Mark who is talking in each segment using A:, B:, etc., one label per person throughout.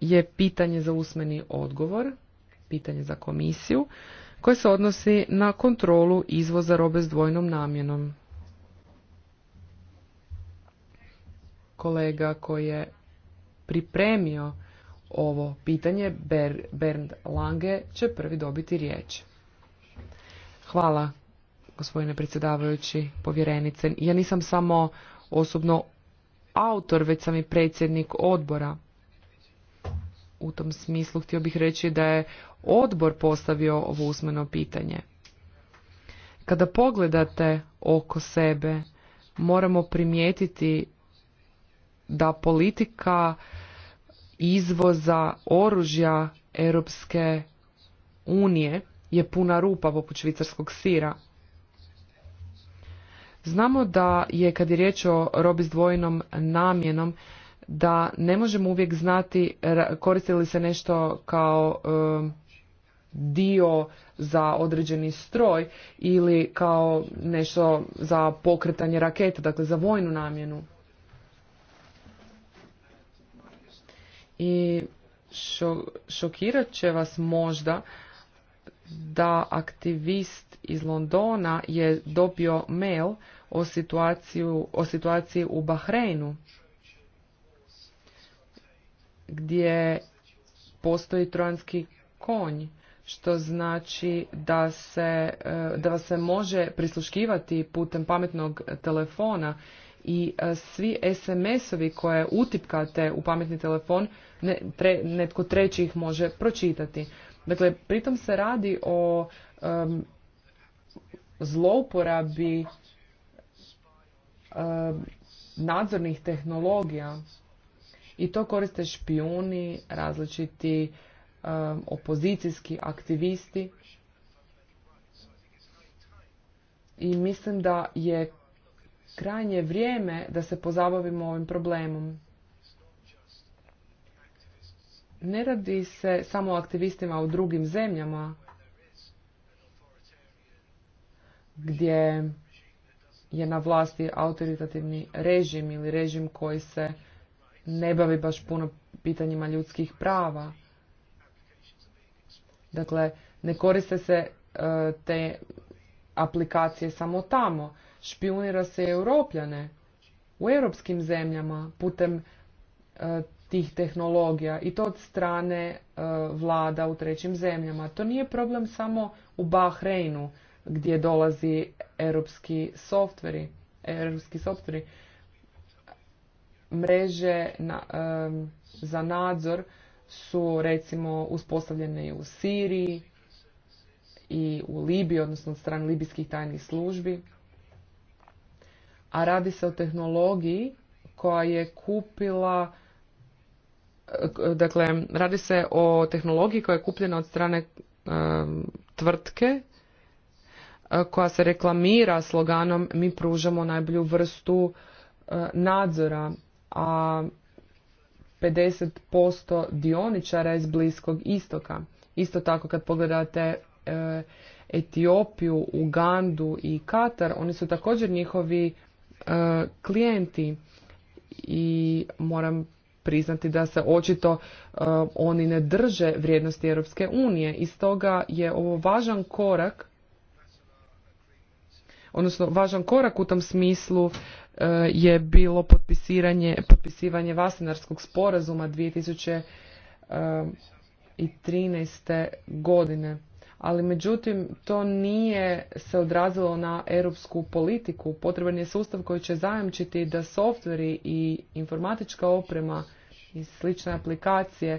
A: je pitanje za usmeni odgovor, pitanje za komisiju, koje se odnosi na kontrolu izvoza robe s dvojnom namjenom. Kolega koji je pripremio ovo pitanje, Bernd Lange, će prvi dobiti riječ. Hvala, gospodine predsjedavajući, povjerenice. Ja nisam samo osobno autor, već sam i predsjednik odbora. U tom smislu htio bih reći da je odbor postavio ovo usmeno pitanje. Kada pogledate oko sebe, moramo primijetiti da politika izvoza oružja Europske unije je puna rupa poput švicarskog sira. Znamo da je kad je riječ o robi s dvojnom namjenom da ne možemo uvijek znati koristi li se nešto kao dio za određeni stroj ili kao nešto za pokretanje raketa, dakle za vojnu namjenu. I šo, šokirat će vas možda da aktivist iz Londona je dobio mail o, situaciju, o situaciji u Bahreinu, gdje postoji trojanski konj, što znači da, se, eh, da vas se može prisluškivati putem pametnog telefona i eh, svi SMS-ovi koje utipkate u pametni telefon ne, netko treći ih može pročitati. Dakle, pritom se radi o zlouporabi Eh, nadzornih tehnologija i to koriste špijuni, različiti eh, opozicijski aktivisti i mislim da je krajnje vrijeme da se pozabavimo ovim problemom. Ne radi se samo o aktivistima u drugim zemljama gdje je na vlasti autoritativni režim ili režim koji se ne bavi baš puno pitanjima ljudskih prava. Dakle, ne koriste se e, te aplikacije samo tamo. Špionira se europljane u europskim zemljama putem e, tih tehnologija i to od strane e, vlada u trećim zemljama. To nije problem samo u Bahreinu gdje dolazi europski softveri, europski softveri, mreže na, za nadzor su recimo uspostavljene i u Siriji i u Libiji, odnosno od strane libijskih tajnih službi. A radi se o tehnologiji koja je kupila dakle, radi se o tehnologiji koja je kupljena od strane tvrtke E, koja se reklamira sloganom mi pružamo najbolju vrstu e, nadzora, a 50% dioničara iz Bliskog istoka. Isto tako kad pogledate e, Etiopiju, Ugandu i Katar, oni su također njihovi klijenti i moram priznati da se očito oni ne drže vrijednosti Europske unije i stoga je ovo važan korak odnosno važan korak u tom smislu e, je bilo potpisivanje, potpisivanje vasinarskog sporazuma 2013. E, godine. Ali međutim, to nije se odrazilo na europsku politiku. Potreban je sustav koji će zajamčiti da softveri i informatička oprema i slične aplikacije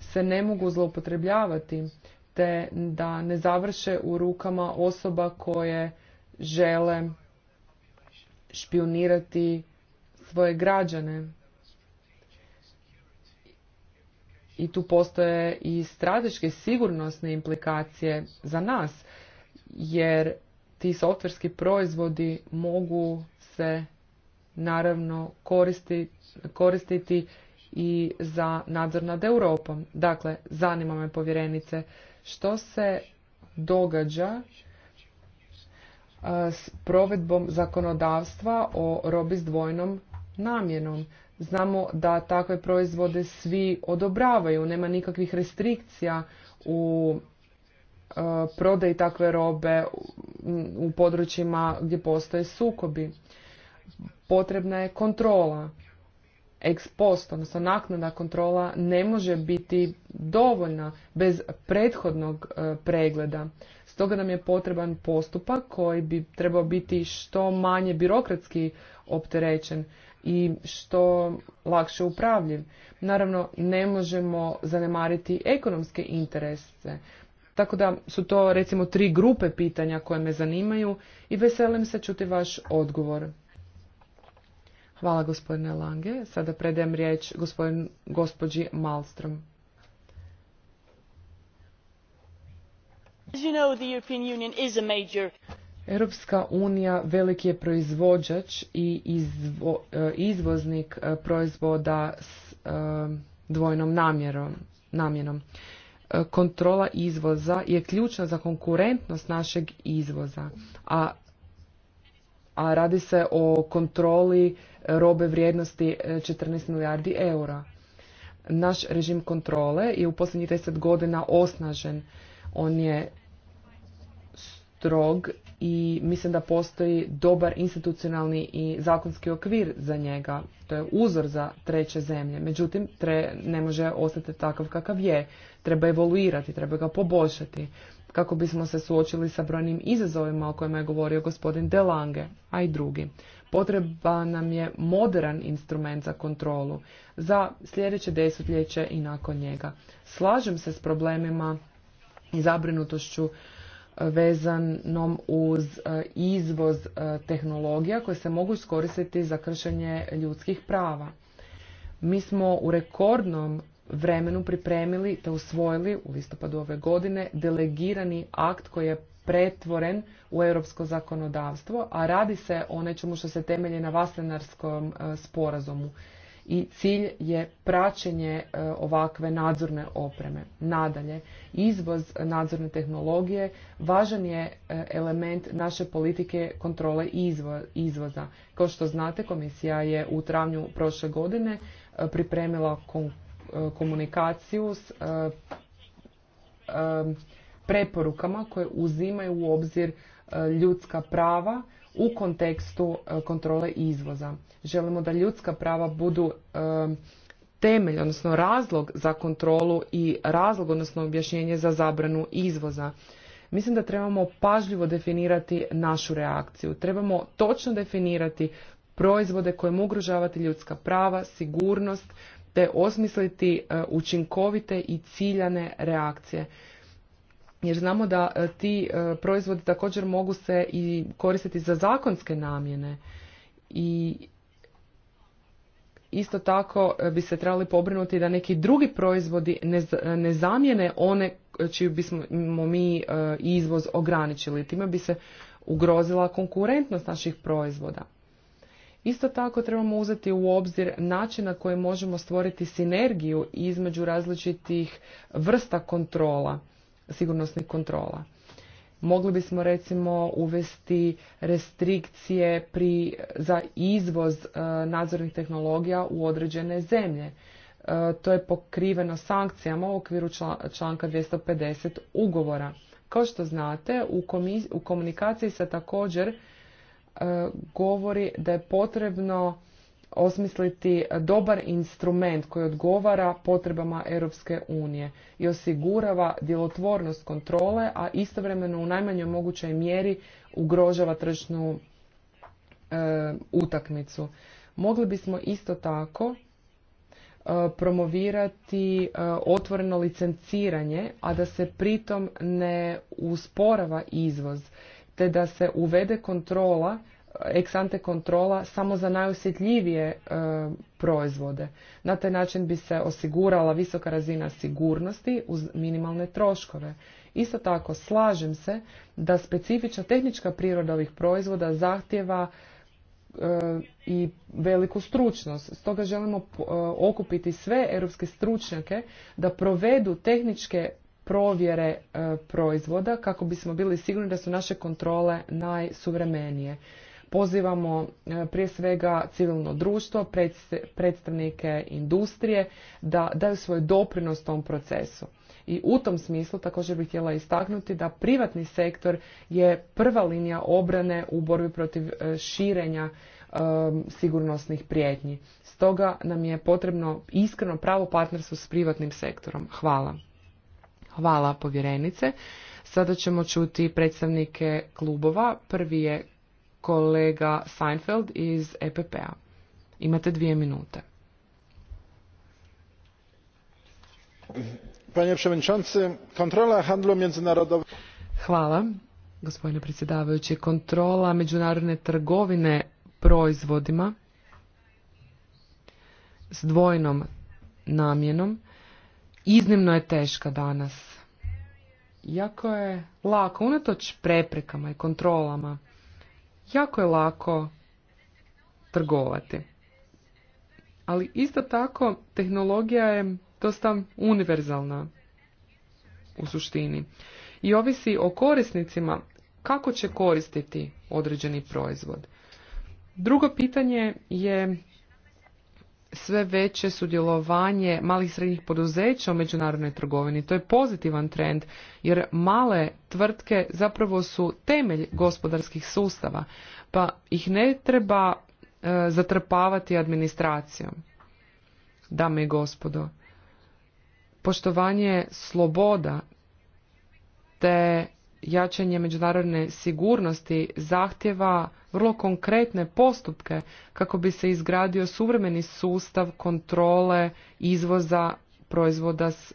A: se ne mogu zloupotrebljavati te da ne završe u rukama osoba koje žele špionirati svoje građane. I tu postoje i strateške sigurnosne implikacije za nas, jer ti softverski proizvodi mogu se naravno koristiti i za nadzor nad Europom. Dakle, zanima me povjerenice što se događa s provedbom zakonodavstva o robi s dvojnom namjenom. Znamo da takve proizvode svi odobravaju, nema nikakvih restrikcija u prodaji takve robe u područjima gdje postoje sukobi. Potrebna je kontrola. Ex post, odnosno naknada kontrola, ne može biti dovoljna bez prethodnog pregleda. Stoga nam je potreban postupak koji bi trebao biti što manje birokratski opterećen i što lakše upravljiv. Naravno, ne možemo zanemariti ekonomske interese. Tako da su to recimo tri grupe pitanja koje me zanimaju i veselim se čuti vaš odgovor. Hvala gospodine Lange. Sada predajem riječ gospodin, gospođi Malstrom. Europska unija veliki je proizvođač i e, izvoznik e, proizvoda s e, dvojnom namjerom, namjenom. Kontrola izvoza je ključna za konkurentnost našeg izvoza, a, a radi se o kontroli robe vrijednosti 14 milijardi eura. Naš režim kontrole je u posljednjih deset godina osnažen. On je strog i mislim da postoji dobar institucionalni i zakonski okvir za njega. To je uzor za treće zemlje. Međutim, tre, ne može ostati takav kakav je. Treba evoluirati, treba ga poboljšati kako bismo se suočili sa brojnim izazovima o kojima je govorio gospodin Delange, a i drugi. Potreba nam je modern instrument za kontrolu za sljedeće desetljeće i nakon njega. Slažem se s problemima i zabrinutošću vezanom uz e, izvoz e, tehnologija koje se mogu iskoristiti za kršenje ljudskih prava. Mi smo u rekordnom vremenu pripremili te usvojili u listopadu ove godine delegirani akt koji je pretvoren u europsko zakonodavstvo, a radi se o nečemu što se temelji na Vaslenarskom e, sporazumu i cilj je praćenje e, ovakve nadzorne opreme. Nadalje, izvoz nadzorne tehnologije važan je e, element naše politike kontrole izvoza. Kao što znate, komisija je u travnju prošle godine e, pripremila komunikaciju s preporukama koje uzimaju u obzir ljudska prava u kontekstu e, kontrole izvoza. Želimo da ljudska prava budu e, temelj, odnosno razlog za kontrolu i razlog, odnosno objašnjenje za zabranu izvoza. Mislim da trebamo pažljivo definirati našu reakciju. Trebamo točno definirati proizvode kojim ugrožavati ljudska prava, sigurnost, te osmisliti e, učinkovite i ciljane reakcije jer znamo da e, ti e, proizvodi također mogu se i koristiti za zakonske namjene i isto tako e, bi se trebali pobrinuti da neki drugi proizvodi ne, zamijene one čiju bismo mi izvoz ograničili. Time bi se ugrozila konkurentnost naših proizvoda. Isto tako trebamo uzeti u obzir način na koji možemo stvoriti sinergiju između različitih vrsta kontrola sigurnosnih kontrola. Mogli bismo recimo uvesti restrikcije pri, za izvoz e, nadzornih tehnologija u određene zemlje. E, to je pokriveno sankcijama u okviru članka 250 ugovora. Kao što znate, u, u komunikaciji se također e, govori da je potrebno osmisliti dobar instrument koji odgovara potrebama Europske unije i osigurava djelotvornost kontrole, a istovremeno u najmanjoj mogućoj mjeri ugrožava tržišnu e, utakmicu. Mogli bismo isto tako e, promovirati e, otvoreno licenciranje, a da se pritom ne usporava izvoz, te da se uvede kontrola ante kontrola samo za najosjetljivije e, proizvode. Na taj način bi se osigurala visoka razina sigurnosti uz minimalne troškove. Isto tako slažem se da specifična tehnička priroda ovih proizvoda zahtjeva e, i veliku stručnost. Stoga želimo e, okupiti sve europske stručnjake da provedu tehničke provjere proizvoda kako bismo bili sigurni da su naše kontrole najsuvremenije. Pozivamo e, prije svega civilno društvo, predstavnike industrije da daju svoj doprinos tom procesu. I u tom smislu također bih htjela istaknuti da privatni sektor je prva linija obrane u borbi protiv e, širenja e, sigurnosnih prijetnji. Stoga nam je potrebno iskreno pravo partnerstvo s privatnim sektorom. Hvala. Hvala povjerenice. Sada ćemo čuti predstavnike klubova. Prvi je kolega Seinfeld iz EPP-a. Imate dvije minute. Panie przewodniczący, kontrola handlu międzynarodowego. Hvala, gospodine predsjedavajući. Kontrola međunarodne trgovine proizvodima s dvojnom namjenom iznimno je teška danas. Jako je lako, unatoč preprekama i kontrolama, jako je lako trgovati. Ali isto tako tehnologija je dosta univerzalna u suštini i ovisi o korisnicima kako će koristiti određeni proizvod. Drugo pitanje je sve veće sudjelovanje malih i srednjih poduzeća u međunarodnoj trgovini. To je pozitivan trend jer male tvrtke zapravo su temelj gospodarskih sustava pa ih ne treba e, zatrpavati administracijom. Dame i gospodo, poštovanje sloboda te jačanje međunarodne sigurnosti zahtjeva vrlo konkretne postupke kako bi se izgradio suvremeni sustav kontrole izvoza proizvoda s e,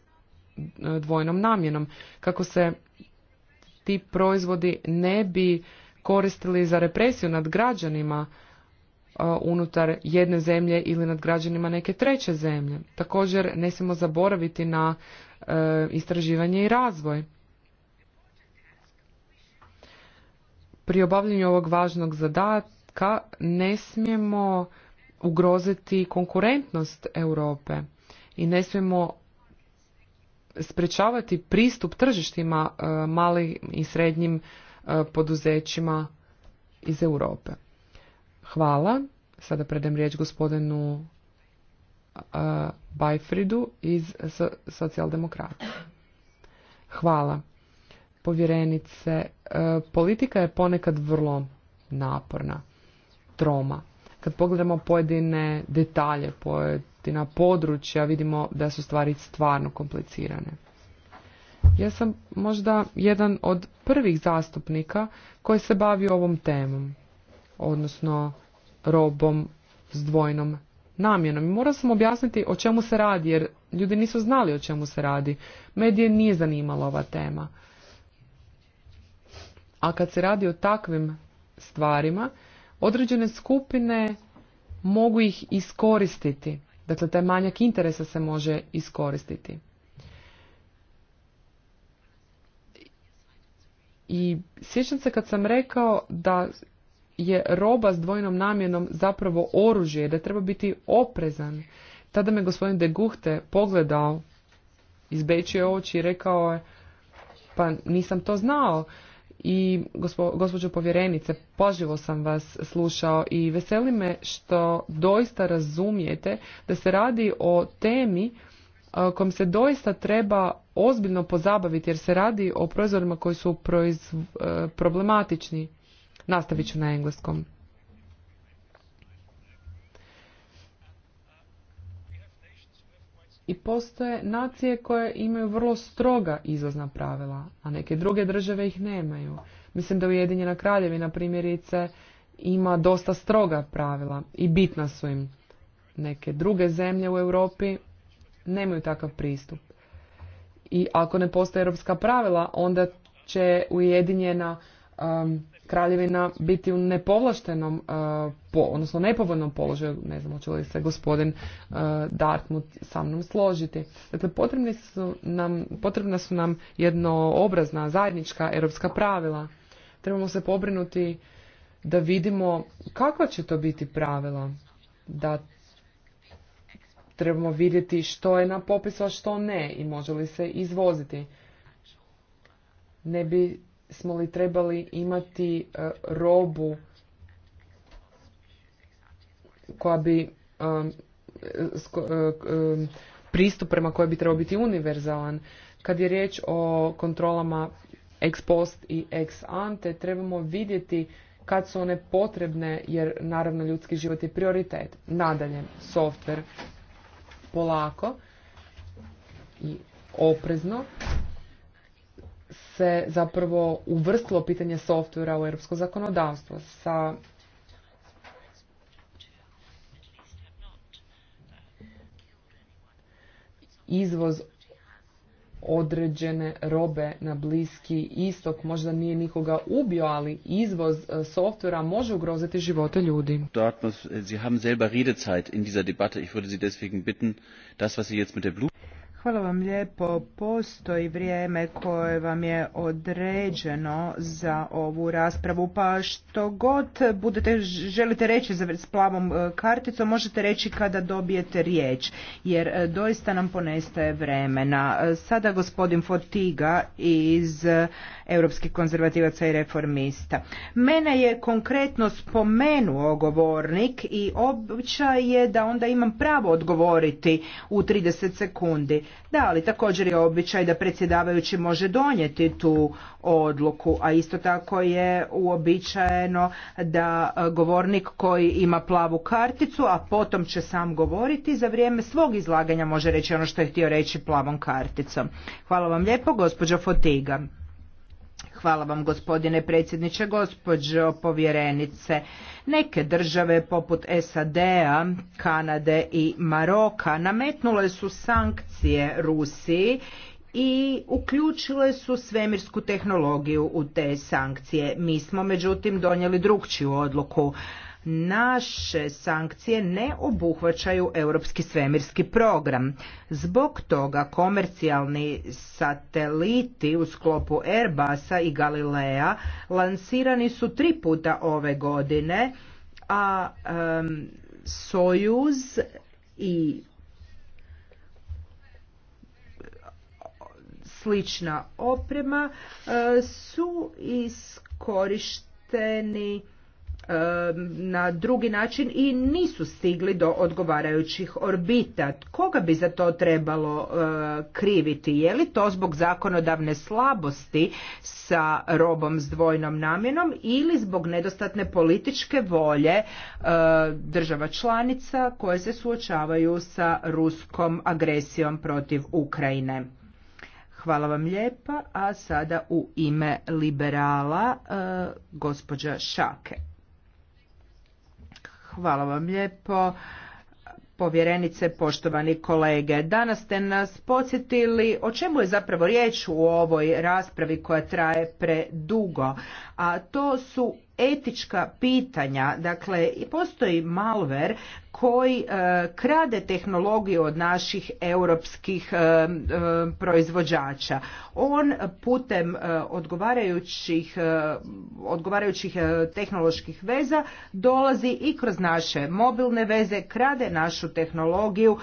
A: dvojnom namjenom kako se ti proizvodi ne bi koristili za represiju nad građanima e, unutar jedne zemlje ili nad građanima neke treće zemlje. Također ne smijemo zaboraviti na e, istraživanje i razvoj pri obavljanju ovog važnog zadatka ne smijemo ugroziti konkurentnost Europe i ne smijemo sprečavati pristup tržištima e, malim i srednjim e, poduzećima iz Europe. Hvala. Sada predem riječ gospodinu e, Bajfridu iz socijaldemokrata. Hvala povjerenice, e, politika je ponekad vrlo naporna, troma. Kad pogledamo pojedine detalje, pojedina područja, vidimo da su stvari stvarno komplicirane. Ja sam možda jedan od prvih zastupnika koji se bavi ovom temom, odnosno robom s dvojnom namjenom. I morao sam objasniti o čemu se radi, jer ljudi nisu znali o čemu se radi. Medije nije zanimala ova tema. A kad se radi o takvim stvarima, određene skupine mogu ih iskoristiti. Dakle, taj manjak interesa se može iskoristiti. I sjećam se kad sam rekao da je roba s dvojnom namjenom zapravo oružje, da treba biti oprezan. Tada me gospodin de Guhte pogledao, izbečio oči i rekao je, pa nisam to znao i gospođo povjerenice, poživo sam vas slušao i veseli me što doista razumijete da se radi o temi kom se doista treba ozbiljno pozabaviti jer se radi o proizvodima koji su problematični. Nastavit ću na engleskom. i postoje nacije koje imaju vrlo stroga izvozna pravila, a neke druge države ih nemaju. Mislim da Ujedinjena kraljevina primjerice ima dosta stroga pravila i bitna su im. Neke druge zemlje u Europi nemaju takav pristup. I ako ne postoje europska pravila, onda će Ujedinjena Um, kraljevina biti u nepovlaštenom, uh, po, odnosno nepovoljnom položaju, ne znam hoće li se gospodin uh, Dartmouth sa mnom složiti. Dakle, potrebni su nam, potrebna su nam jednoobrazna, zajednička europska pravila. Trebamo se pobrinuti da vidimo kakva će to biti pravila, da trebamo vidjeti što je na popisu, a što ne i može li se izvoziti. Ne bi smo li trebali imati e, robu koja bi e, pristup prema kojoj bi trebao biti univerzalan. Kad je riječ o kontrolama ex post i ex ante, trebamo vidjeti kad su one potrebne, jer naravno ljudski život je prioritet. Nadalje, softver polako i oprezno, se zapravo uvrstilo pitanje softvera u europsko zakonodavstvo sa izvoz određene robe na bliski istok možda nije nikoga ubio, ali izvoz e, softvera može ugroziti živote ljudi.
B: Sie haben in dieser Debatte. Ich würde Sie deswegen bitten, das, was Sie jetzt mit
C: Hvala vam lijepo. Postoji vrijeme koje vam je određeno za ovu raspravu, pa što god budete želite reći s plavom e, karticom, možete reći kada dobijete riječ, jer e, doista nam ponestaje vremena. E, sada gospodin Fotiga iz Europskih konzervativaca i reformista. Mene je konkretno spomenuo govornik i običaj je da onda imam pravo odgovoriti u 30 sekundi da, ali također je običaj da predsjedavajući može donijeti tu odluku, a isto tako je uobičajeno da e, govornik koji ima plavu karticu, a potom će sam govoriti, za vrijeme svog izlaganja može reći ono što je htio reći plavom karticom. Hvala vam lijepo, gospođo Fotiga. Hvala vam gospodine predsjedniče, gospođo povjerenice. Neke države poput SAD-a, Kanade i Maroka nametnule su sankcije Rusiji i uključile su svemirsku tehnologiju u te sankcije. Mi smo međutim donijeli drugčiju odluku naše sankcije ne obuhvaćaju europski svemirski program. Zbog toga komercijalni sateliti u sklopu Airbusa i Galilea lansirani su tri puta ove godine, a um, Sojuz i slična oprema e, su iskorišteni na drugi način i nisu stigli do odgovarajućih orbita. Koga bi za to trebalo eh, kriviti? Je li to zbog zakonodavne slabosti sa robom s dvojnom namjenom ili zbog nedostatne političke volje eh, država članica koje se suočavaju sa ruskom agresijom protiv Ukrajine? Hvala vam lijepa, a sada u ime liberala eh, gospođa Šake. Hvala vam lijepo. Povjerenice, poštovani kolege, danas ste nas podsjetili o čemu je zapravo riječ u ovoj raspravi koja traje predugo, a to su etička pitanja. Dakle, i postoji malver koji e, krade tehnologiju od naših europskih e, e, proizvođača. On putem odgovarajućih, odgovarajućih tehnoloških veza dolazi i kroz naše mobilne veze, krade našu tehnologiju,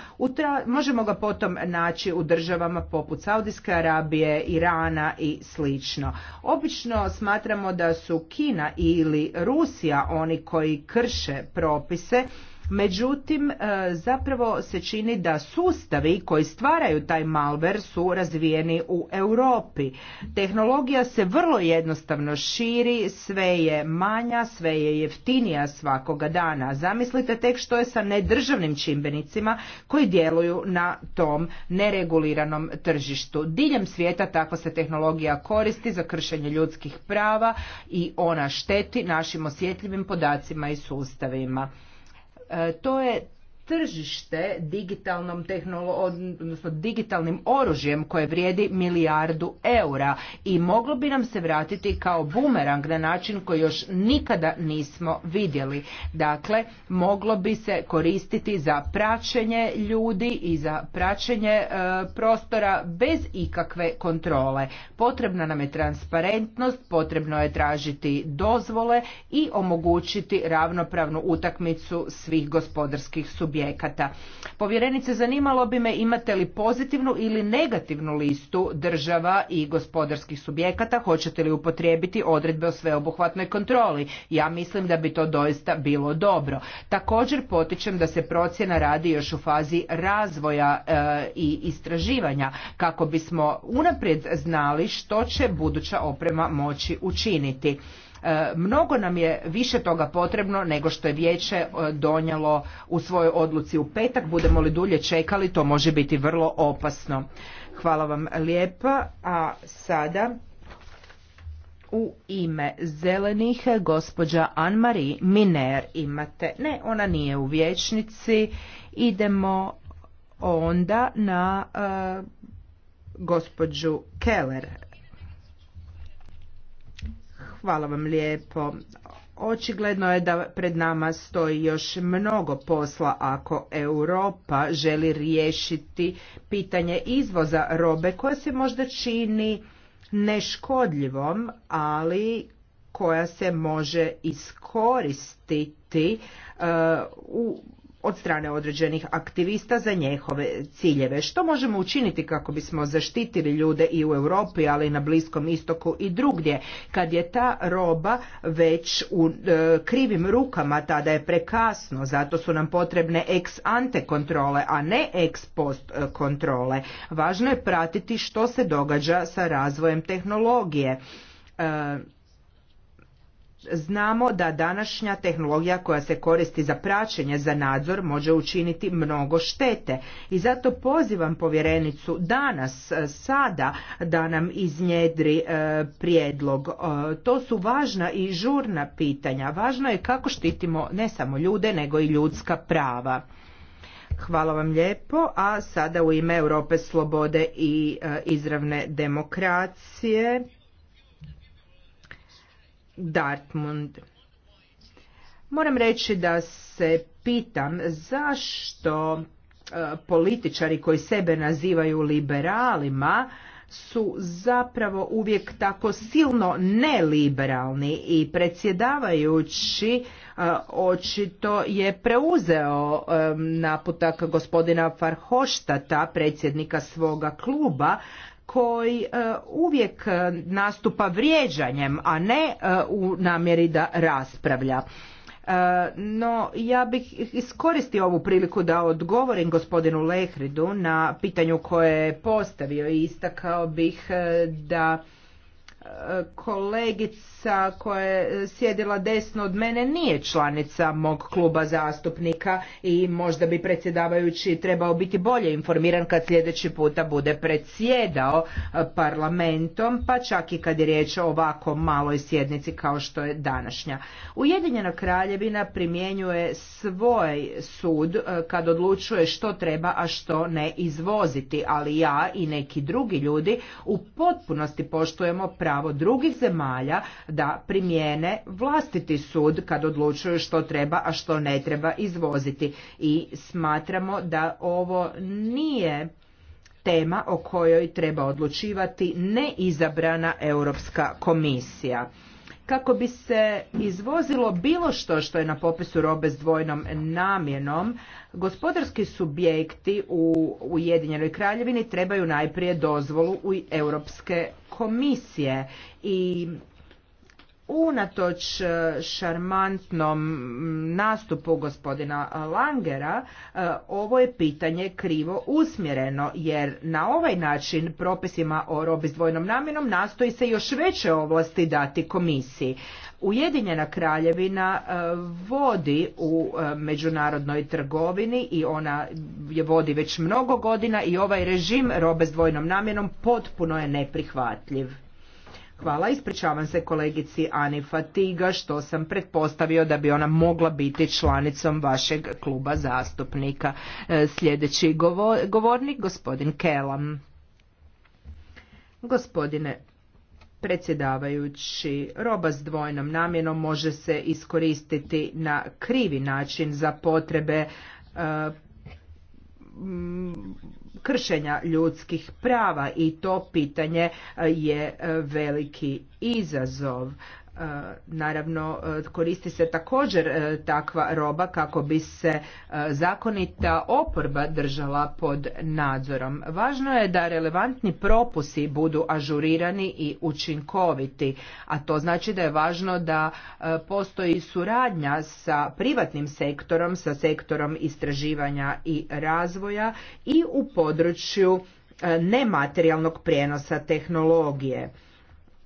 C: možemo ga potom naći u državama poput Saudijske Arabije, Irana i slično. Obično smatramo da su Kina ili Rusija oni koji krše propise Međutim, e, zapravo se čini da sustavi koji stvaraju taj malver su razvijeni u Europi. Tehnologija se vrlo jednostavno širi, sve je manja, sve je jeftinija svakoga dana. Zamislite tek što je sa nedržavnim čimbenicima koji djeluju na tom nereguliranom tržištu. Diljem svijeta takva se tehnologija koristi za kršenje ljudskih prava i ona šteti našim osjetljivim podacima i sustavima. E, to je tržište digitalnom odnosno digitalnim oružjem koje vrijedi milijardu eura i moglo bi nam se vratiti kao bumerang na način koji još nikada nismo vidjeli. Dakle, moglo bi se koristiti za praćenje ljudi i za praćenje e, prostora bez ikakve kontrole. Potrebna nam je transparentnost, potrebno je tražiti dozvole i omogućiti ravnopravnu utakmicu svih gospodarskih subjekata subjekata. Povjerenice, zanimalo bi me imate li pozitivnu ili negativnu listu država i gospodarskih subjekata, hoćete li upotrijebiti odredbe o sveobuhvatnoj kontroli. Ja mislim da bi to doista bilo dobro. Također potičem da se procjena radi još u fazi razvoja e, i istraživanja kako bismo unaprijed znali što će buduća oprema moći učiniti. E, mnogo nam je više toga potrebno nego što je vijeće e, donijelo u svojoj odluci u petak. Budemo li dulje čekali, to može biti vrlo opasno. Hvala vam lijepa. A sada u ime zelenih e, gospođa Anne-Marie Miner imate. Ne, ona nije u vječnici. Idemo onda na gospođu Keller. Hvala vam lijepo. Očigledno je da pred nama stoji još mnogo posla ako Europa želi riješiti pitanje izvoza robe koja se možda čini neškodljivom, ali koja se može iskoristiti uh, u od strane određenih aktivista za njehove ciljeve. Što možemo učiniti kako bismo zaštitili ljude i u Europi, ali i na Bliskom istoku i drugdje, kad je ta roba već u e, krivim rukama, tada je prekasno, zato su nam potrebne ex ante kontrole, a ne ex post e, kontrole. Važno je pratiti što se događa sa razvojem tehnologije. E, Znamo da današnja tehnologija koja se koristi za praćenje, za nadzor, može učiniti mnogo štete. I zato pozivam povjerenicu danas, e, sada, da nam iznjedri e, prijedlog. E, to su važna i žurna pitanja. Važno je kako štitimo ne samo ljude, nego i ljudska prava. Hvala vam lijepo, a sada u ime Europe slobode i izravne demokracije Dartmund. Moram reći da se pitam zašto e, političari koji sebe nazivaju liberalima su zapravo uvijek tako silno neliberalni i predsjedavajući e, očito je preuzeo e, naputak gospodina Farhoštata, predsjednika svoga kluba, koji e, uvijek nastupa vrijeđanjem, a ne e, u namjeri da raspravlja. E, no, ja bih iskoristio ovu priliku da odgovorim gospodinu Lehridu na pitanju koje je postavio i istakao bih da kolegica koja je sjedila desno od mene nije članica mog kluba zastupnika i možda bi predsjedavajući trebao biti bolje informiran kad sljedeći puta bude predsjedao parlamentom, pa čak i kad je riječ o ovako maloj sjednici kao što je današnja. Ujedinjena kraljevina primjenjuje svoj sud e, kad odlučuje što treba, a što ne izvoziti, ali ja i neki drugi ljudi u potpunosti poštujemo pravo pravo drugih zemalja da primijene vlastiti sud kad odlučuju što treba, a što ne treba izvoziti. I smatramo da ovo nije tema o kojoj treba odlučivati neizabrana Europska komisija kako bi se izvozilo bilo što što je na popisu robe s dvojnom namjenom, gospodarski subjekti u Ujedinjenoj kraljevini trebaju najprije dozvolu u Europske komisije i unatoč e, šarmantnom nastupu gospodina Langera, e, ovo je pitanje krivo usmjereno, jer na ovaj način propisima o robi s dvojnom namjenom nastoji se još veće ovlasti dati komisiji. Ujedinjena kraljevina e, vodi u e, međunarodnoj trgovini i ona je vodi već mnogo godina i ovaj režim robe s dvojnom namjenom potpuno je neprihvatljiv. Hvala, ispričavam se kolegici Ani Fatiga što sam pretpostavio da bi ona mogla biti članicom vašeg kluba zastupnika. E, sljedeći govornik, gospodin Kelam. Gospodine Predsjedavajući, roba s dvojnom namjenom može se iskoristiti na krivi način za potrebe e, kršenja ljudskih prava i to pitanje e, je e, veliki izazov. Naravno, e, koristi se također e, takva roba kako bi se e, zakonita oporba držala pod nadzorom. Važno je da relevantni propusi budu ažurirani i učinkoviti, a to znači da je važno da postoji suradnja sa privatnim sektorom, sa sektorom istraživanja i razvoja i u području nematerijalnog prijenosa tehnologije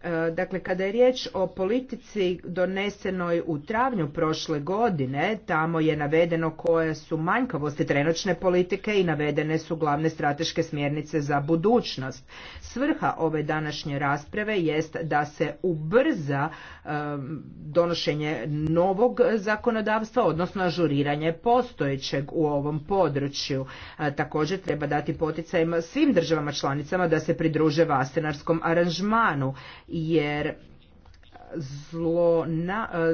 C: E, dakle, kada je riječ o politici donesenoj u travnju prošle godine, tamo je navedeno koje su manjkavosti trenočne politike i navedene su glavne strateške smjernice za budućnost. Svrha ove današnje rasprave jest da se ubrza e, donošenje novog zakonodavstva, odnosno ažuriranje postojećeg u ovom području. E, također treba dati poticajima svim državama članicama da se pridruže vasenarskom aranžmanu jer zlo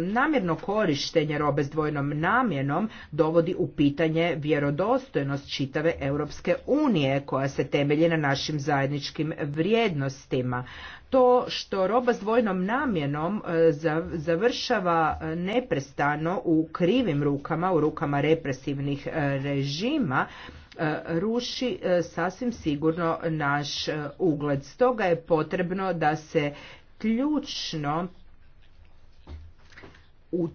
C: namjerno korištenje robe s dvojnom namjenom dovodi u pitanje vjerodostojnost čitave Europske unije koja se temelji na našim zajedničkim vrijednostima. To što roba s dvojnom namjenom e, završava e, neprestano u krivim rukama, u rukama represivnih e, režima, E, ruši e, sasvim sigurno naš e, ugled. Stoga je potrebno da se ključno u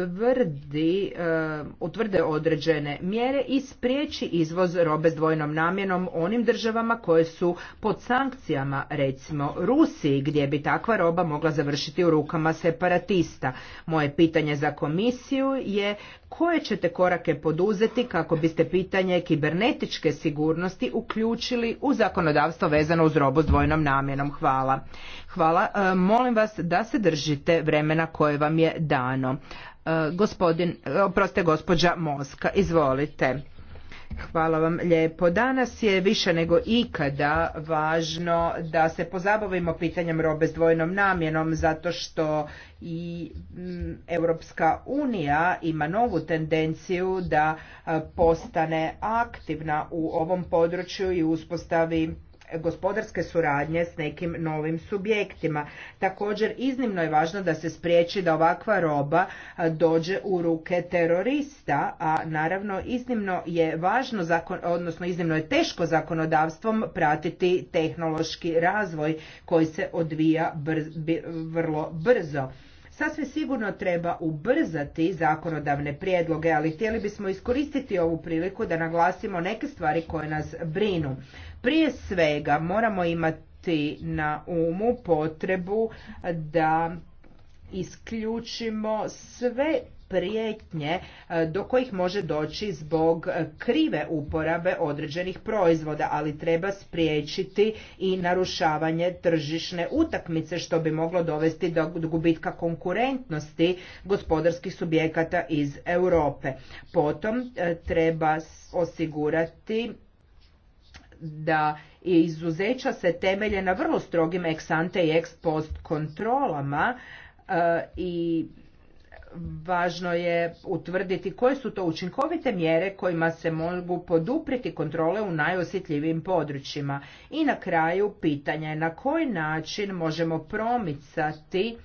C: utvrdi, e, utvrde određene mjere i spriječi izvoz robe s dvojnom namjenom onim državama koje su pod sankcijama, recimo Rusiji, gdje bi takva roba mogla završiti u rukama separatista. Moje pitanje za komisiju je koje ćete korake poduzeti kako biste pitanje kibernetičke sigurnosti uključili u zakonodavstvo vezano uz robu s dvojnom namjenom? Hvala. Hvala. E, molim vas da se držite vremena koje vam je dano. E, gospodin, oprostite gospođa Moska. Izvolite. Hvala vam lijepo. Danas je više nego ikada važno da se pozabavimo pitanjem robe s dvojnom namjenom zato što i Europska unija ima novu tendenciju da e, postane aktivna u ovom području i uspostavi gospodarske suradnje s nekim novim subjektima. Također iznimno je važno da se spriječi da ovakva roba dođe u ruke terorista, a naravno iznimno je važno odnosno iznimno je teško zakonodavstvom pratiti tehnološki razvoj koji se odvija vrlo brzo. Sasvim sigurno treba ubrzati zakonodavne prijedloge, ali htjeli bismo iskoristiti ovu priliku da naglasimo neke stvari koje nas brinu. Prije svega moramo imati na umu potrebu da isključimo sve prijetnje e, do kojih može doći zbog krive uporabe određenih proizvoda, ali treba spriječiti i narušavanje tržišne utakmice što bi moglo dovesti do gubitka konkurentnosti gospodarskih subjekata iz Europe. Potom e, treba osigurati da izuzeća se temelje na vrlo strogim ex ante i ex post kontrolama e, i važno je utvrditi koje su to učinkovite mjere kojima se mogu poduprijeti kontrole u najosjetljivijim područjima. I na kraju pitanje je na koji način možemo promicati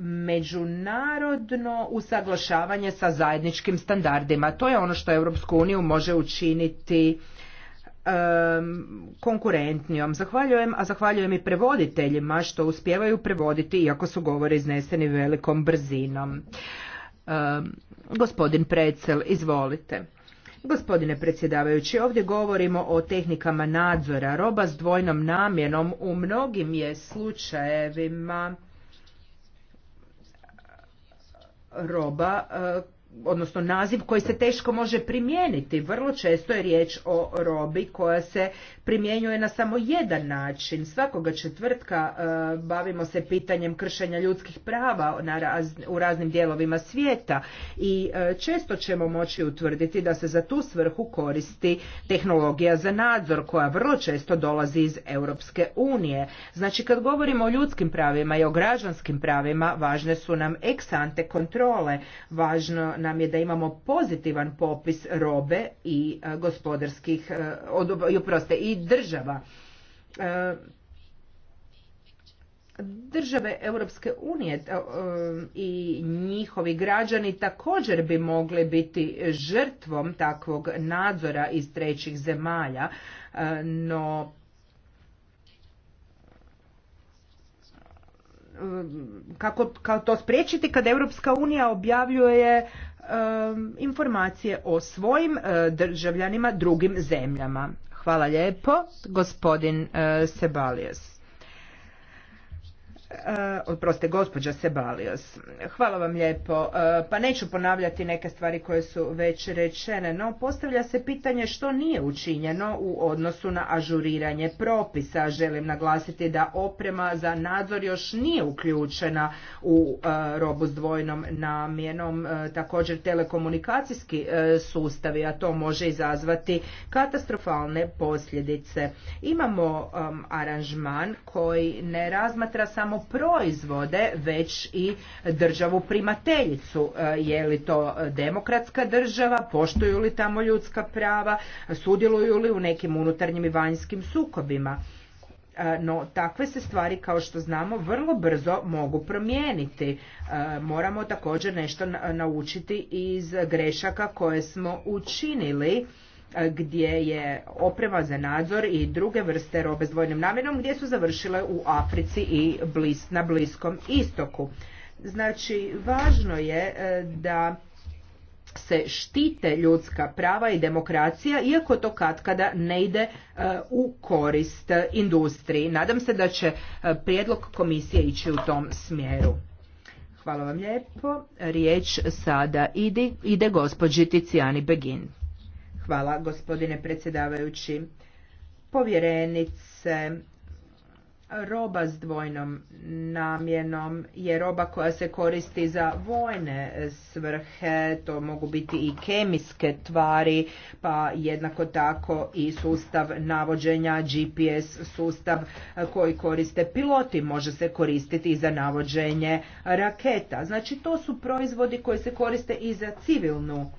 C: međunarodno usaglašavanje sa zajedničkim standardima. To je ono što Europsku uniju može učiniti konkurentnijom. Zahvaljujem, a zahvaljujem i prevoditeljima što uspijevaju prevoditi iako su govori izneseni velikom brzinom. Gospodin Precel, izvolite. Gospodine predsjedavajući, ovdje govorimo o tehnikama nadzora. Roba s dvojnom namjenom u mnogim je slučajevima roba odnosno naziv koji se teško može primijeniti. Vrlo često je riječ o robi koja se primjenjuje na samo jedan način. Svakoga četvrtka e, bavimo se pitanjem kršenja ljudskih prava u raznim dijelovima svijeta i e, često ćemo moći utvrditi da se za tu svrhu koristi tehnologija za nadzor koja vrlo često dolazi iz Europske unije. Znači kad govorimo o ljudskim pravima i o građanskim pravima važne su nam eksante kontrole, važno nam je da imamo pozitivan popis robe i e, gospodarskih, e, oproste, i država. E, države Europske unije i njihovi građani također bi mogli biti žrtvom takvog nadzora iz trećih zemalja, no kako, kako to spriječiti kad Europska unija objavljuje um, informacije o svojim uh, državljanima drugim zemljama. Hvala lijepo, gospodin uh, Sebalias. Eh, oprostite, gospođa Sebalios. Hvala vam lijepo. Eh, pa neću ponavljati neke stvari koje su već rečene, no postavlja se pitanje što nije učinjeno u odnosu na ažuriranje propisa. Želim naglasiti da oprema za nadzor još nije uključena u eh, robu s dvojnom namjenom. Također telekomunikacijski sustavi, a to može izazvati katastrofalne posljedice. Imamo aranžman koji ne razmatra samo proizvode već i državu primateljicu. E, je li to demokratska država, poštuju li tamo ljudska prava, sudjeluju li u nekim unutarnjim i vanjskim sukobima. E, no, takve se stvari, kao što znamo, vrlo brzo mogu promijeniti. E, moramo također nešto naučiti iz grešaka koje smo učinili gdje je oprema za nadzor i druge vrste robe s dvojnom namjenom gdje su završile u Africi i na Bliskom istoku. Znači, važno je e, da se štite ljudska prava i demokracija, iako to katkada ne ide e, u korist industriji. Nadam se da će e, prijedlog komisije ići u tom smjeru. Hvala vam lijepo. Riječ sada ide, ide gospođi Ticijani Begin. Hvala gospodine predsjedavajući. Povjerenice, roba s dvojnom namjenom je roba koja se koristi za vojne svrhe, to mogu biti i kemijske tvari, pa jednako tako i sustav navođenja, GPS sustav koji koriste piloti, može se koristiti i za navođenje raketa. Znači to su proizvodi koji se koriste i za civilnu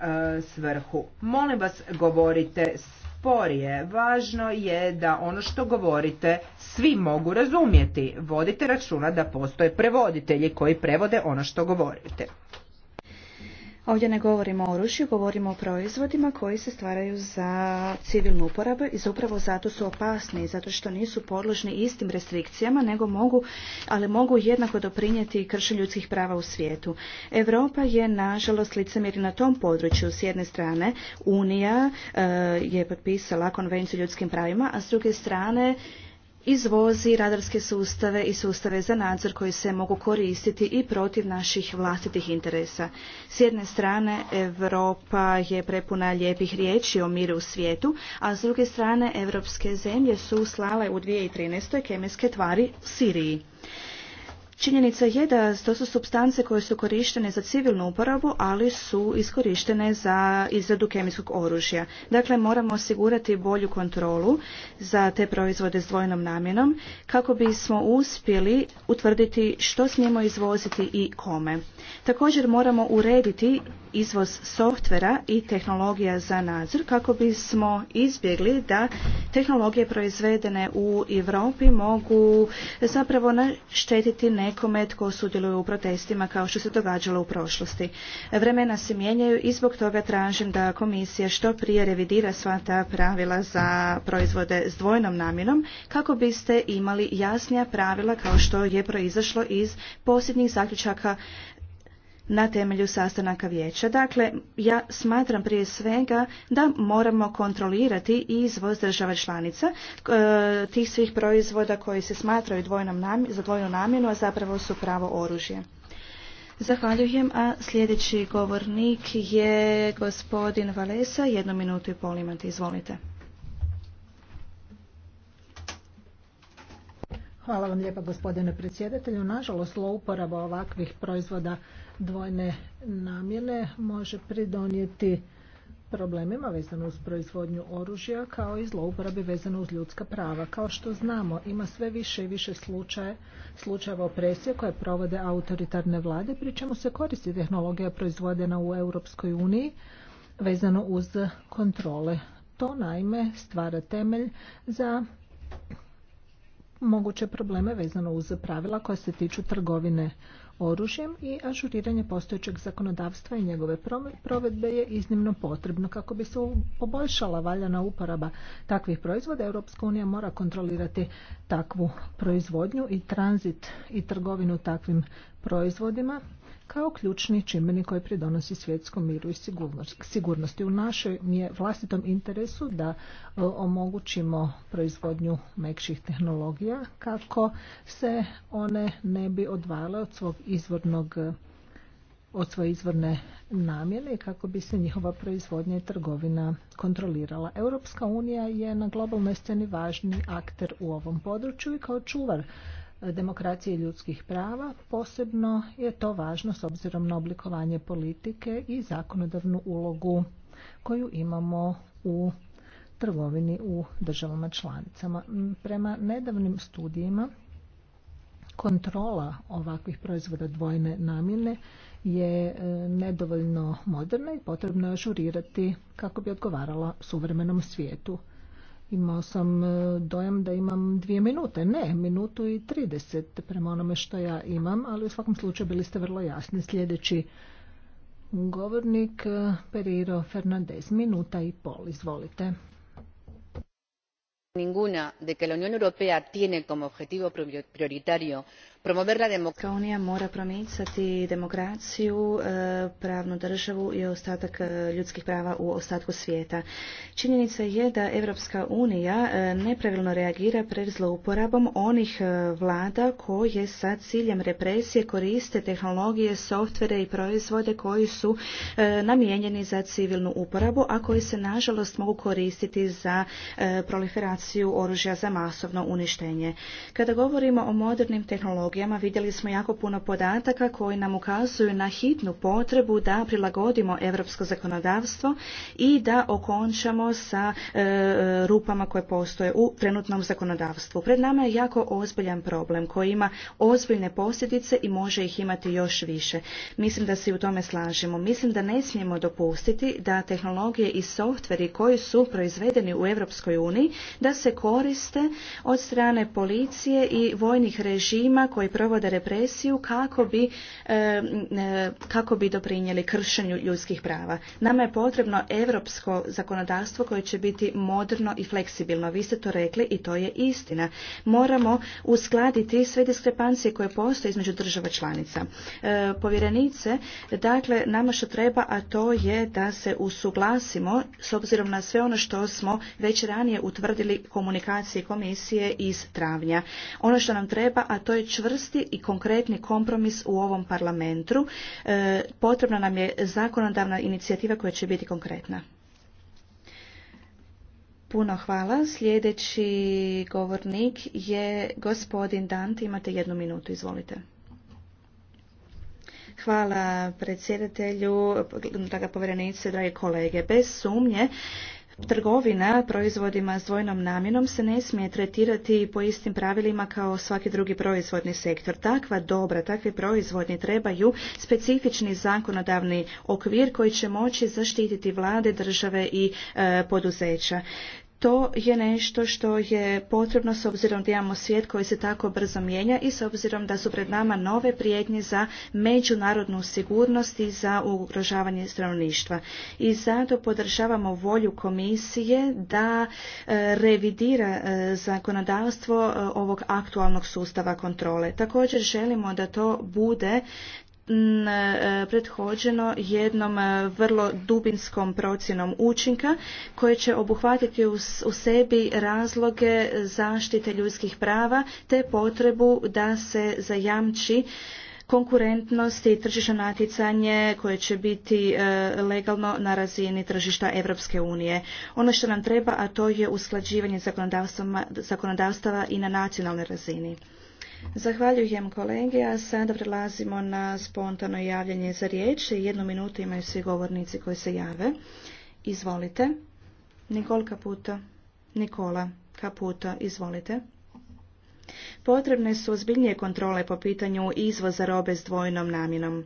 C: E, svrhu. Molim vas govorite sporije. Važno je da ono što govorite svi mogu razumjeti. Vodite računa da postoje prevoditelji koji prevode ono što govorite.
D: Ovdje ne govorimo o oružju, govorimo o proizvodima koji se stvaraju za civilnu uporabu i zapravo zato su opasni, zato što nisu podložni istim restrikcijama, nego mogu, ali mogu jednako doprinijeti kršenju ljudskih prava u svijetu. Europa je nažalost licemjer na tom području. S jedne strane Unija eh, je potpisala konvenciju ljudskim pravima, a s druge strane izvozi radarske sustave i sustave za nadzor koji se mogu koristiti i protiv naših vlastitih interesa. S jedne strane Europa je prepuna lijepih riječi o miru u svijetu, a s druge strane europske zemlje su slale u 2013. kemijske tvari u Siriji. Činjenica je da to su substance koje su korištene za civilnu uporabu, ali su iskorištene za izradu kemijskog oružja. Dakle, moramo osigurati bolju kontrolu za te proizvode s dvojnom namjenom kako bismo uspjeli utvrditi što smijemo izvoziti i kome. Također moramo urediti izvoz softvera i tehnologija za nadzor kako bismo izbjegli da tehnologije proizvedene u Europi mogu zapravo naštetiti nekome tko sudjeluje u protestima kao što se događalo u prošlosti. Vremena se mijenjaju i zbog toga tražim da komisija što prije revidira sva ta pravila za proizvode s dvojnom namjenom kako biste imali jasnija pravila kao što je proizašlo iz posljednjih zaključaka na temelju sastanaka vijeća. Dakle, ja smatram prije svega da moramo kontrolirati izvoz država članica e, tih svih proizvoda koji se smatraju za dvojnu namjenu, a zapravo su pravo oružje. Zahvaljujem, a sljedeći govornik je gospodin Valesa. Jednu minutu i pol imate, izvolite.
E: Hvala vam lijepa gospodine predsjedatelju. Nažalost, zlouporaba ovakvih proizvoda dvojne namjene može pridonijeti problemima vezano uz proizvodnju oružja kao i zlouporabe vezano uz ljudska prava. Kao što znamo, ima sve više i više slučaje, slučajeva opresije koje provode autoritarne vlade, pri čemu se koristi tehnologija proizvodena u Europskoj uniji vezano uz kontrole. To naime stvara temelj za moguće probleme vezano uz pravila koja se tiču trgovine oružjem i ažuriranje postojećeg zakonodavstva i njegove provedbe je iznimno potrebno. Kako bi se poboljšala valjana uporaba takvih proizvoda, Europska unija mora kontrolirati takvu proizvodnju i tranzit i trgovinu takvim proizvodima kao ključni čimbenik koji pridonosi svjetskom miru i sigurnosti. U našem je vlastitom interesu da e, omogućimo proizvodnju mekših tehnologija kako se one ne bi odvale od svog izvornog e, od svoje izvorne namjene i kako bi se njihova proizvodnja i trgovina kontrolirala. Europska unija je na globalnoj sceni važni akter u ovom području i kao čuvar demokracije i ljudskih prava. Posebno je to važno s obzirom na oblikovanje politike i zakonodavnu ulogu koju imamo u trgovini u državama članicama. Prema nedavnim studijima kontrola ovakvih proizvoda dvojne namjene je e, nedovoljno moderna i potrebno je ažurirati kako bi odgovarala suvremenom svijetu. Imao sam e, dojam da imam dvije minute. Ne, minutu i trideset prema onome što ja imam, ali u svakom slučaju bili ste vrlo jasni. Sljedeći govornik e, Periro Fernandez, minuta i pol, izvolite.
B: Ninguna de que la Unión Europea tiene como objetivo
D: prioritario promover Unija mora promicati demokraciju, e, pravnu državu i ostatak e, ljudskih prava u ostatku svijeta. Činjenica je da Europska unija e, nepravilno reagira pred zlouporabom onih vlada koje sa ciljem represije koriste tehnologije, softvere i proizvode koji su namijenjeni za civilnu uporabu, a koji se nažalost mogu koristiti za proliferaciju oružja za masovno uništenje. Kada govorimo o modernim tehnologijama, tehnologijama vidjeli smo jako puno podataka koji nam ukazuju na hitnu potrebu da prilagodimo europsko zakonodavstvo i da okončamo sa e, rupama koje postoje u trenutnom zakonodavstvu. Pred nama je jako ozbiljan problem koji ima ozbiljne posljedice i može ih imati još više. Mislim da se u tome slažemo. Mislim da ne smijemo dopustiti da tehnologije i softveri koji su proizvedeni u Europskoj uniji da se koriste od strane policije i vojnih režima koji provode represiju kako bi, e, e, kako bi doprinijeli kršenju ljudskih prava. Nama je potrebno europsko zakonodavstvo koje će biti moderno i fleksibilno. Vi ste to rekli i to je istina. Moramo uskladiti sve diskrepancije koje postoje između država članica. E, povjerenice, dakle, nama što treba, a to je da se usuglasimo s obzirom na sve ono što smo već ranije utvrdili komunikaciji komisije iz travnja. Ono što nam treba, a to je čvrst vrsti i konkretni kompromis u ovom parlamentu. E, potrebna nam je zakonodavna inicijativa koja će biti konkretna. Puno hvala. Sljedeći govornik je gospodin Dante. Imate jednu minutu, izvolite. Hvala predsjedatelju, draga povjerenice, drage kolege. Bez sumnje, Trgovina proizvodima s dvojnom namjenom se ne smije tretirati po istim pravilima kao svaki drugi proizvodni sektor. Takva dobra, takvi proizvodni trebaju specifični zakonodavni okvir koji će moći zaštititi vlade, države i e, poduzeća to je nešto što je potrebno s obzirom da imamo svijet koji se tako brzo mijenja i s obzirom da su pred nama nove prijetnje za međunarodnu sigurnost i za ugrožavanje stanovništva. I zato podržavamo volju komisije da e, revidira e, zakonodavstvo e, ovog aktualnog sustava kontrole. Također želimo da to bude E, prethođeno jednom e, vrlo dubinskom procjenom učinka koje će obuhvatiti u sebi razloge zaštite ljudskih prava te potrebu da se zajamči konkurentnost i tržišno natjecanje koje će biti e, legalno na razini tržišta Europske unije. Ono što nam treba, a to je usklađivanje zakonodavstava i na nacionalnoj razini. Zahvaljujem kolege, a sada prelazimo na spontano javljanje za riječ. Jednu minutu imaju svi govornici koji se jave. Izvolite. Nikol Kaputo. Nikola Kaputo, izvolite. Potrebne su ozbiljnije kontrole po pitanju izvoza robe s dvojnom namjenom.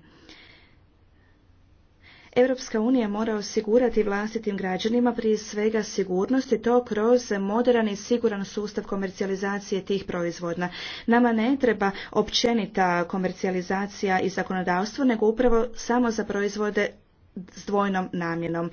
D: Europska unija mora osigurati vlastitim građanima prije svega sigurnost i to kroz moderan i siguran sustav komercijalizacije tih proizvoda. Nama ne treba općenita komercijalizacija i zakonodavstvo, nego upravo samo za proizvode s dvojnom namjenom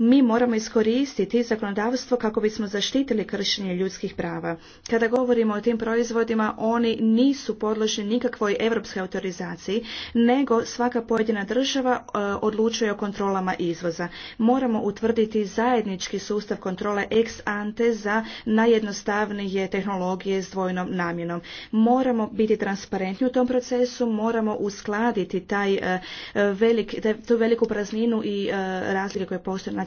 D: mi moramo iskoristiti zakonodavstvo kako bismo zaštitili kršenje ljudskih prava. Kada govorimo o tim proizvodima, oni nisu podloženi nikakvoj europskoj autorizaciji, nego svaka pojedina država e, odlučuje o kontrolama izvoza. Moramo utvrditi zajednički sustav kontrole ex ante za najjednostavnije tehnologije s dvojnom namjenom. Moramo biti transparentni u tom procesu, moramo uskladiti taj e, e, tu veliku prazninu i razlike koje postoje na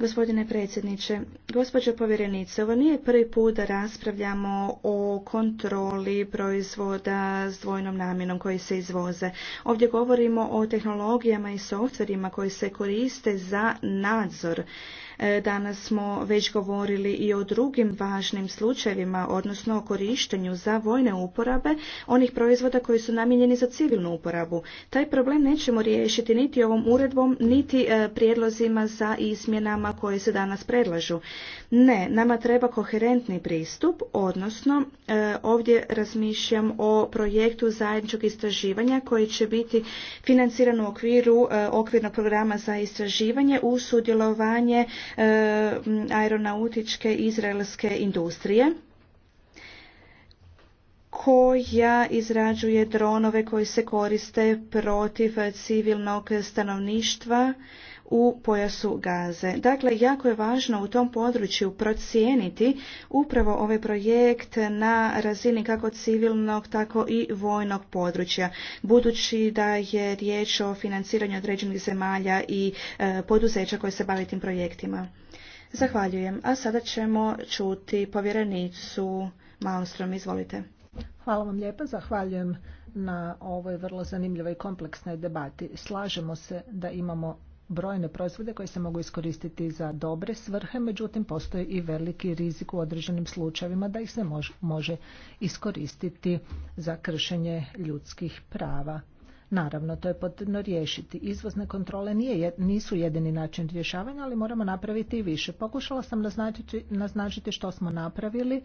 D: Gospodine predsjedniče, gospođo povjerenice, ovo nije prvi put da raspravljamo o kontroli proizvoda s dvojnom namjenom koji se izvoze. Ovdje govorimo o tehnologijama i softverima koji se koriste za nadzor E, danas smo već govorili i o drugim važnim slučajevima, odnosno o korištenju za vojne uporabe onih proizvoda koji su namijenjeni za civilnu uporabu. Taj problem nećemo riješiti niti ovom uredbom, niti e, prijedlozima za izmjenama koje se danas predlažu. Ne, nama treba koherentni pristup, odnosno e, ovdje razmišljam o projektu zajedničkog istraživanja koji će biti financiran u okviru okvirnog programa za istraživanje u sudjelovanje E, aeronautičke izraelske industrije koja izrađuje dronove koji se koriste protiv civilnog stanovništva u pojasu Gaze. Dakle, jako je važno u tom području procijeniti upravo ovaj projekt na razini kako civilnog, tako i vojnog područja. Budući da je riječ o financiranju određenih zemalja i e, poduzeća koje se bave tim projektima. Zahvaljujem. A sada ćemo čuti povjerenicu Malmström. Izvolite.
E: Hvala vam lijepa. Zahvaljujem na ovoj vrlo zanimljivoj i kompleksnoj debati. Slažemo se da imamo brojne proizvode koji se mogu iskoristiti za dobre svrhe, međutim postoji i veliki rizik u određenim slučajevima da ih se može iskoristiti za kršenje ljudskih prava. Naravno, to je potrebno riješiti. Izvozne kontrole nije, nisu jedini način rješavanja, ali moramo napraviti i više. Pokušala sam naznačiti, naznačiti što smo napravili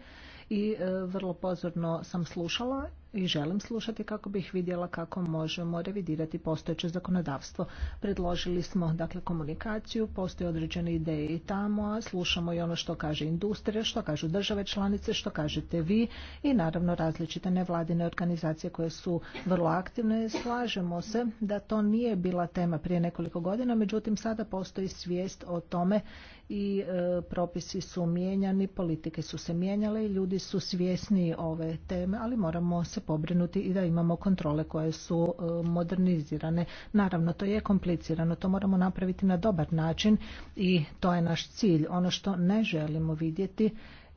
E: i e, vrlo pozorno sam slušala i želim slušati kako bih vidjela kako možemo revidirati postojeće zakonodavstvo. Predložili smo dakle komunikaciju, postoje određene ideje i tamo, a slušamo i ono što kaže industrija, što kažu države članice, što kažete vi i naravno različite nevladine organizacije koje su vrlo aktivne. Slažemo se da to nije bila tema prije nekoliko godina, međutim sada postoji svijest o tome i e, propisi su mijenjani, politike su se mijenjale i ljudi su svjesni ove teme, ali moramo se pobrinuti i da imamo kontrole koje su e, modernizirane. Naravno, to je komplicirano, to moramo napraviti na dobar način i to je naš cilj. Ono što ne želimo vidjeti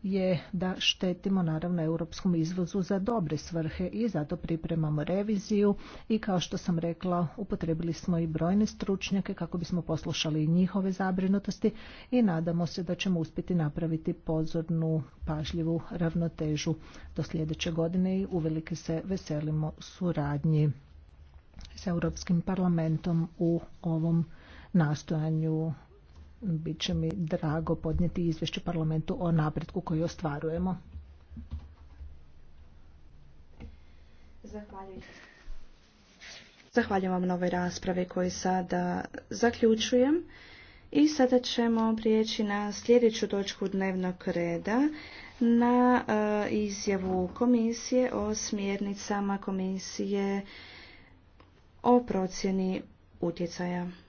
E: je da štetimo naravno europskom izvozu za dobre svrhe i zato pripremamo reviziju i kao što sam rekla upotrebili smo i brojne stručnjake kako bismo poslušali njihove zabrinutosti i nadamo se da ćemo uspjeti napraviti pozornu pažljivu ravnotežu do sljedeće godine i uvelike se veselimo suradnji s Europskim parlamentom u ovom nastojanju Bit će mi drago podnijeti izvješće parlamentu o napretku koji ostvarujemo.
D: Zahvaljujem. Zahvaljujem vam na ovoj raspravi koju sada zaključujem. I sada ćemo prijeći na sljedeću točku dnevnog reda na e, izjavu komisije o smjernicama komisije o procjeni utjecaja.